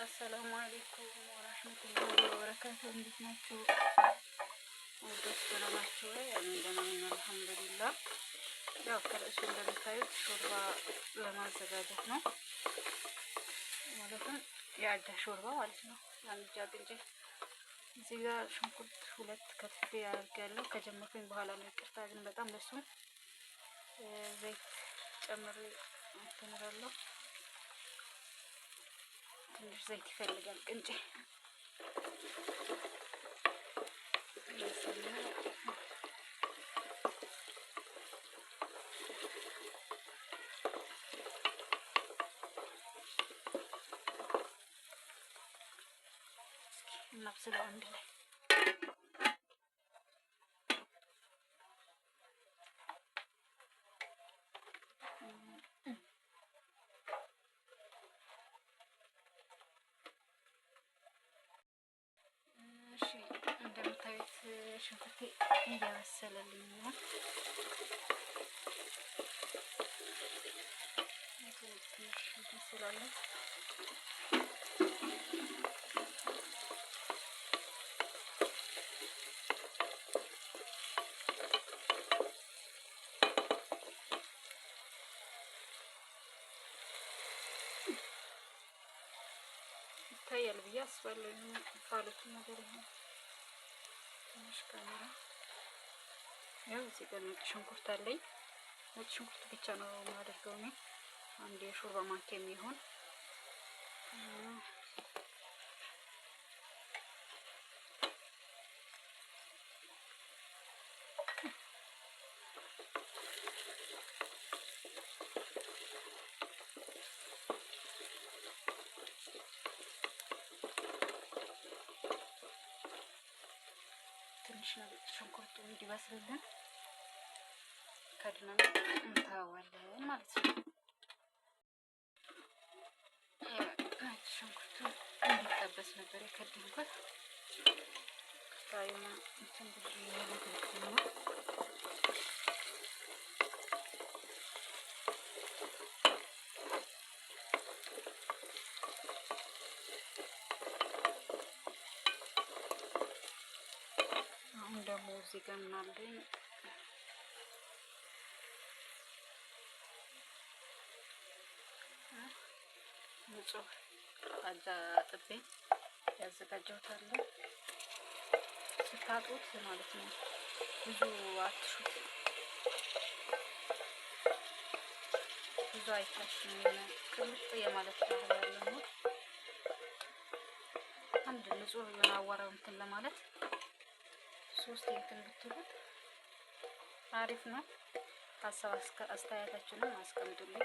አሰላሙ አሌይኩም ወራህመቱላሂ ወበረካቱ። እንዴት ናችሁ ውዶች? ደህና ወይ? እኔ ደህና ነኝ አልሐምዱሊላህ። ያው ከርዕሱ እንደምታዩት ሾርባ ለማዘጋጀት ነው ማለትም የአጃ ሾርባ ማለት ነው። አንጃ ግንጀ እዚህ ጋር ሽንኩርት ሁለት ከትፌ አድርጌያለሁ። ከጀመርኩኝ በኋላ ነው ይቅርታ፣ ግን በጣም ዘይት ጨምሬ አስተምራለሁ ትንሽ ዘይት ይፈልጋል ቅንጬ እናብስለው አንድ ላይ አደርጋለሁ። ይታያል ብዬ አስባለሁ። ፋሎቱ ነገር ይሆን ትንሽ ካሜራ ያው እዚህ ጋር ነጭ ሽንኩርት አለኝ። ነጭ ሽንኩርት ብቻ ነው የማደርገው እኔ አንድ የሾርባ ማንኪያ የሚሆን ትንሽ ሽንኩርቱ እንዲበስልልን ከድነን እንተዋለን ማለት ነው። saya baru ikat saya mau cemputin yang di dalamnya. udah musikan nading, hah, ያዘጋጀሁታል። ስታጡት ማለት ነው፣ ብዙ አትሹት፣ ብዙ አይታሽም። የሆነ ቅምጥ የማለት ባህል ያለው ነው። አንድ ንጹህ የሆነ አዋራው እንትን ለማለት ሶስት እንትን ብትሉት አሪፍ ነው። ሀሳብ አስተያየታችሁንም አስቀምጡልኝ።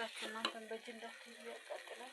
እባካችሁ እናንተም በጅ እንዳትይዙ ያቃጥላል።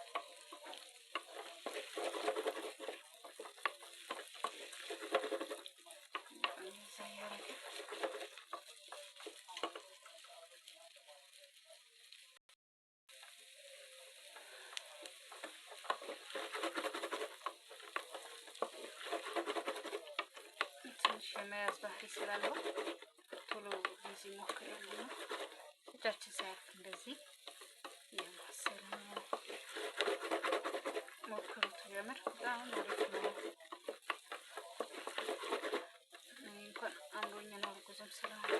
የመያዝ ባህሪ ስላለው ቶሎ ጊዜ ሞክር ያለና እጃችን ሳያርፍ እንደዚህ የማሰል ሞክሩት። የምር በጣም አሪፍ ነው። እንኳን አምሮኛ ነው እርጉዝም ስለሆንኩ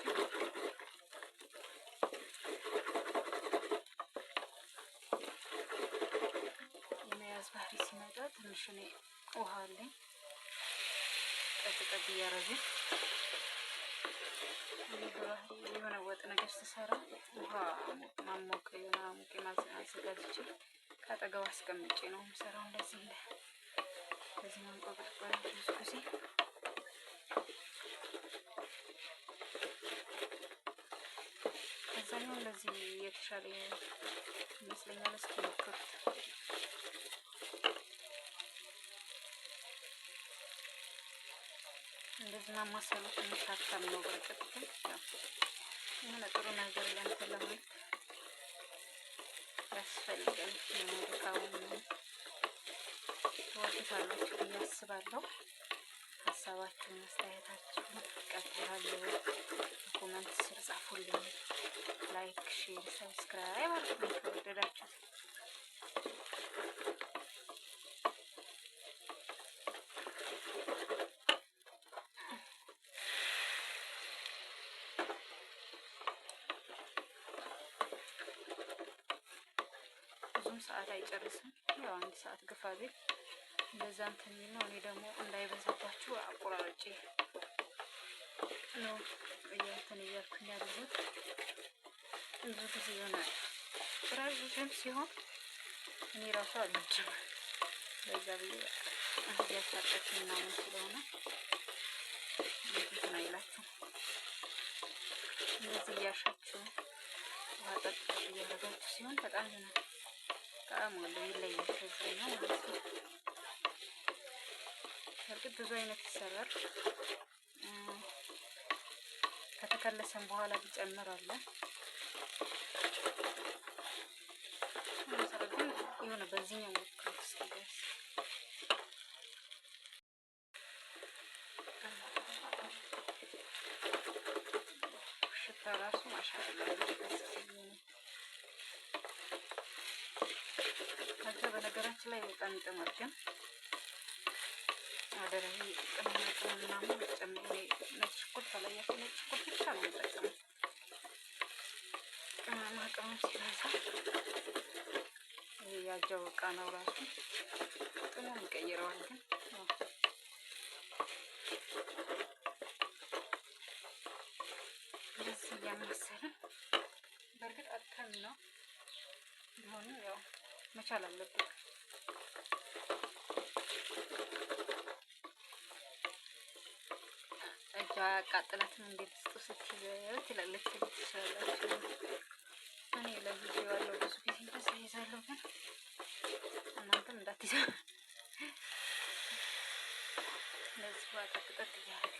የመያዝ ባህሪ ሲመጣ ትንሽ እኔ ውሃ አለኝ ጠብጠብ እያረጉ የሆነ ወጥ ነገር ስሰራ ውሃ ማሞቅ የሆነ ሙቅ ማዘጋጅቼ ከአጠገቡ አስቀምጬ ነው የምሰራው። እንደዚህ እንደ በዚህ መንቆቅጥቆያ ብዙ ጊዜ ከዛ ነው ለዚህ የተሻለ ይመስለኛል። እስኪ ሞክሩት። እንደዚህና ማሰሉ ትንሽ ነው። በርቀት ግን የሆነ ጥሩ ነገር ለእንትን ለማለት ያስፈልጋል። ትወዱታላችሁ ብዬ አስባለሁ። ሀሳባችሁን አስተያየታችሁን ቀጥላለሁ። ኮመንት ስር ጻፉልኝ። ላይክ፣ ሼር፣ ሰብስክራይብ አድርጉ ከወደዳችሁ ሰዓት ግፋ ቢል እንደዛ እንትን ነው። እኔ ደግሞ እንዳይበዛባችሁ አቆራርጬ ነው እንትን እያልኩኝ ያለሁት። ብዙ ጊዜ ይሆናል ረዥም ሲሆን እኔ ራሱ አልችም በዛ ብዬ እንዲያሳጠች ምናምን ስለሆነ ቤት ነው እንደዚህ እያሻችሁ ውሃ ጠጥ እያደረጋችሁ ሲሆን በጣም ይሆናል። ጣዕም አለው ይለያል። ከዚህኛው ማለት ነው። እርግጥ ብዙ አይነት ይሰራል። ከተከለሰም በኋላ እንጨምራለን። ግን የሆነ በዚህኛው ጨመርኩኝ። ወደ ላይ ቅመማ ቅመም ምናምን ጨምሬ ነጭ ሽንኩርት ካላያችሁ ነጭ ሽንኩርት ብቻ ነው የምጠቀመው። ቅመማ ቅመም ሲበዛ ያጀው እቃ ነው ራሱ ቅመም ይቀይረዋል ግን እንደዚህ በእርግጥ አጥተን ነው ቢሆንም ያው መቻል አለብን። አላቃጥላትም። እንዴት ስጡ ስትይዘት ትላለች ትችላላችሁ። እኔ ያለው ብዙ ጊዜ ደስ ይዛለሁ፣ ግን እናንተም እንዳትይዛ እያደረግን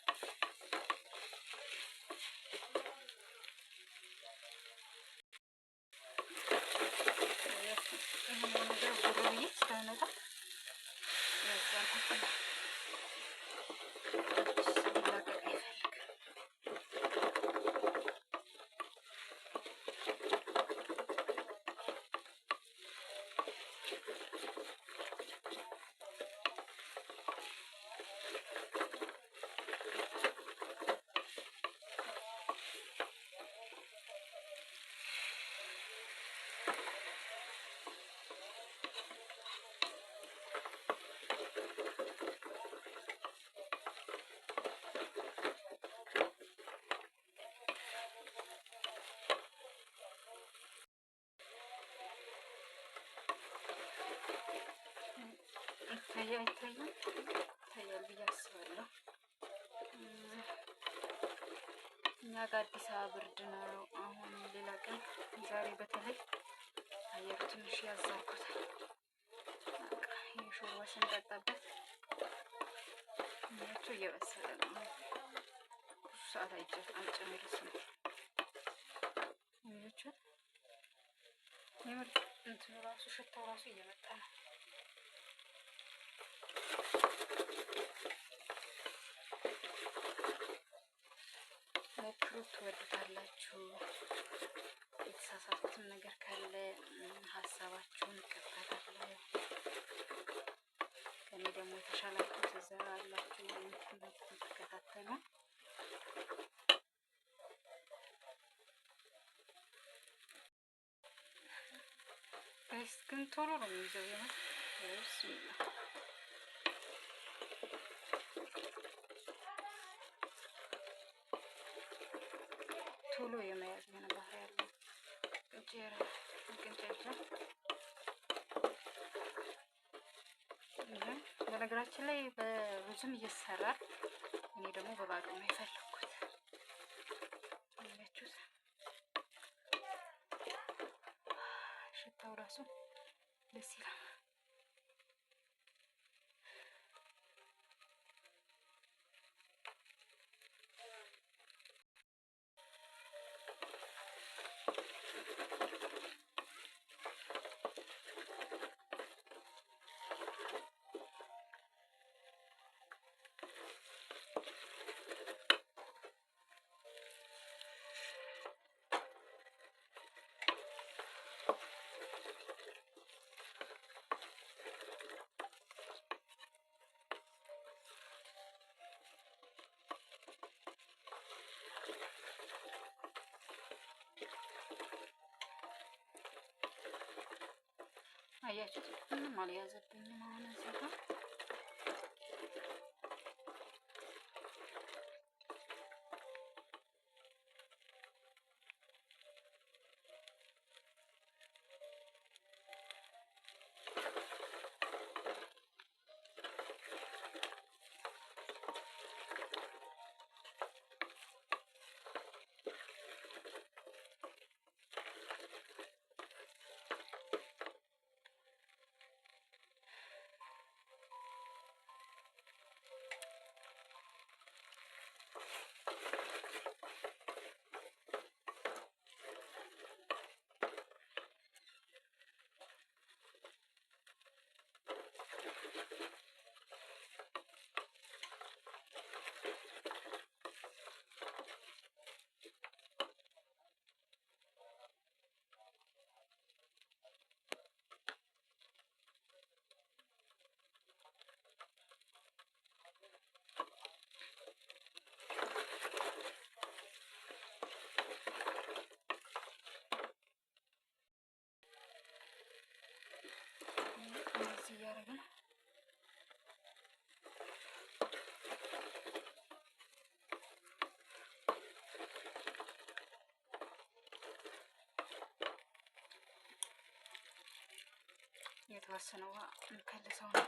ያ ይታያል ብዬ አስባለሁ። እኛ ጋር አዲስ አበባ ብርድ ነው። አሁን ሌላ ቀን ዛሬ በተለይ አየሩ ትንሽ ያዛርኩታል። ስንጠጣበት እያቸው እየበሰለ ነው። ብዙ ሰዓት የምር እንትኑ ራሱ ሽታው ራሱ እየመጣ ነው። ብትሞክሩት ትወዱታላችሁ። የተሳሳትን ነገር ካለ ሀሳባችሁን እቀበላለሁ። ከኔ ደግሞ የተሻላችሁ እዛ አላችሁ የምትከታተሉ ግን ቶሎ ነው የሚይዘው ነው በነገራችን ላይ በብዙም እየሰራ እኔ ደግሞ በባዶ ነው የፈለኩት። ያችሁት ሽታው ራሱ ደስ ይላል። አያችሁት? ምንም አልያዘብኝም። አሁን እዚህ ጋር የተወሰነ ውሃ እንከልሰው ነው።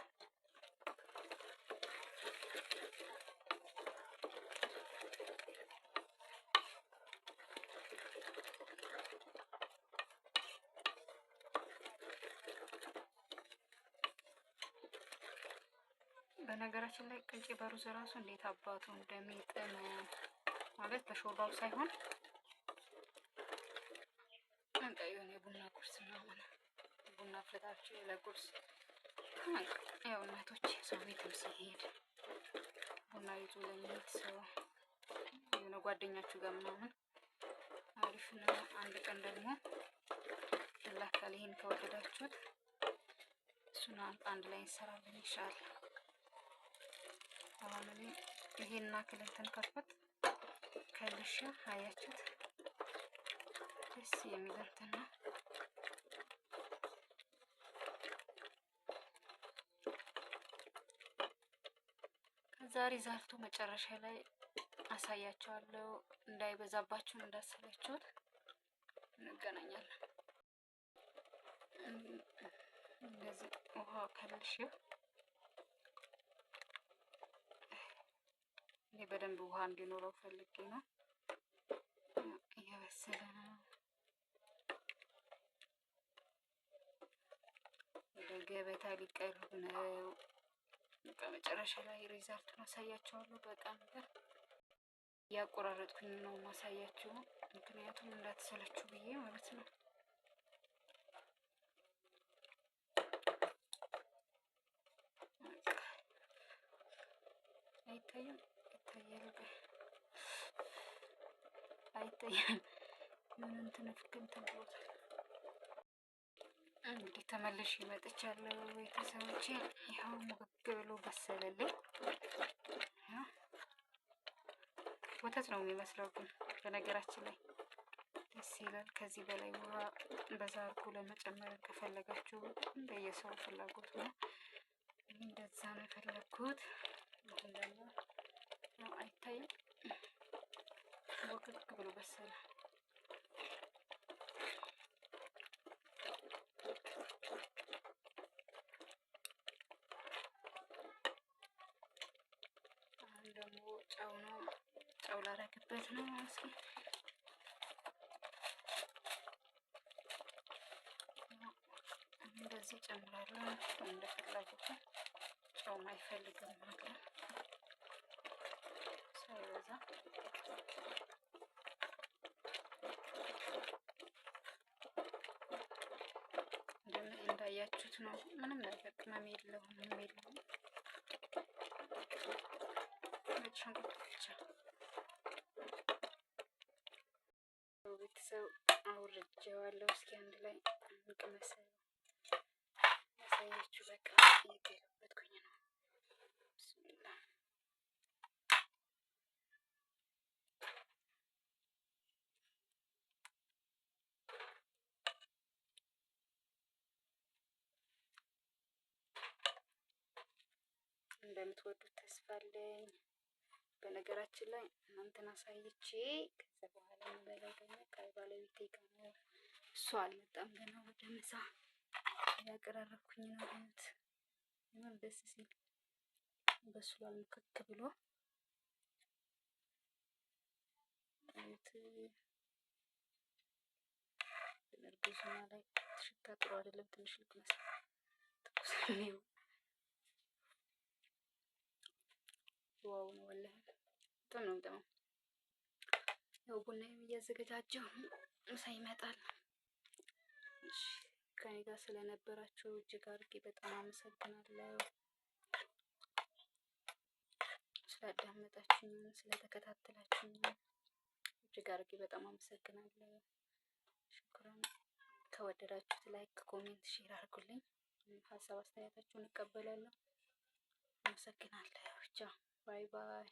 በነገራችን ላይ ቅንጬ በሩዝ ራሱ እንዴት አባቱ እንደሚጥም ማለት በሾርባው ሳይሆን ለቁርስ ያው እናቶች ሰው ቤትም ሲሄድ ቡና ይዞ ለሚሄድ ሰው የሆነ ጓደኛችሁ ጋር ምናምን አሪፍ ነው። አንድ ቀን ደግሞ ላካል ይሄን ከወደዳችሁት እሱን አንድ ላይ እንሰራለን ይሻላል። አሁን ላይ ይሄና ክልልትን ከፈት ከልሻ አያችሁት ደስ የሚል እንትን ነው። ዛሬ ዛልቶ መጨረሻ ላይ አሳያቸዋለሁ። እንዳይበዛባችሁን እንዳሰለችሁት እንገናኛለን። እንደዚህ ውሃ ከልሽ ይህ በደንብ ውሃ እንዲኖረው ፈልጌ ነው። እየበሰለ ነው። ወደ ገበታ ሊቀርብ ነው። በመጨረሻ ላይ ሪዛልቱን አሳያቸዋለሁ። በጣም ጋር ያቆራረጥኩኝ ነው ማሳያቸው፣ ምክንያቱም እንዳትሰለችሁ ብዬ ማለት ነው። አይታይም ይታያል፣ አይታይም ምን እንትን ፍክም ተብሎታል። እንግዲህ ተመልሼ መጥቻለሁ ቤተሰቦቼ። ይኸው ሙግግ ብሎ በሰለልኝ። ወተት ነው የሚመስለው ግን በነገራችን ላይ ደስ ይላል። ከዚህ በላይ ውሃ በዛ አርጎ ለመጨመር ከፈለጋችሁ እንደየሰው ፍላጎት ነው። እንደዛ ነው የፈለግኩት። አሁን ደግሞ አይታይም ሙግግ ብሎ በሰለ። ጨው ነው። ጨው ላረግበት ነው እንደዚህ ጨምራለሁ። እንደ ጨው አይፈልግም ሳይበዛ እንዳያችሁት ነው። ምንም ነገር ቅመም የለውም የለውም ነጭ ሽንኩርት ብቻ ቤተሰብ አውርጄዋለሁ። እስኪ አንድ ላይ እንቅመስ ያሳያችሁ። በቃ እየገለበጥኩኝ ነው። ብስሚላ እንደምትወዱት ተስፋ አለኝ። በነገራችን ላይ እናንተን አሳይቼ ከዛ በኋላ የምበላው ደግሞ ከባለቤቴ ጋር ነው። እሱ አልመጣም ገና ወደ ምሳ እያቀራረብኩኝ ነው። ምን ደስ ሲል በስሏል ምክክ ብሎ እርግዝና ላይ ሽታ ጥሩ አይደለም። ትንሽ መስል ትኩስ ነው። ዋው ነው ወላሂ በጣም ነው የምጠማው። ያው ቡና እያዘገጃጀሁ ምሳ ይመጣል። ከኔ ጋር ስለነበራችሁ እጅግ አድርጌ በጣም አመሰግናለሁ። ስላዳመጣችሁኝ፣ ስለተከታተላችሁኝ እጅግ አድርጌ በጣም አመሰግናለሁ። ሽኩራን ከወደዳችሁት ላይክ፣ ኮሜንት፣ ሼር አድርጉልኝ። ሀሳብ አስተያየታችሁን እቀበላለሁ። አመሰግናለሁ። ቻው ባይ ባይ።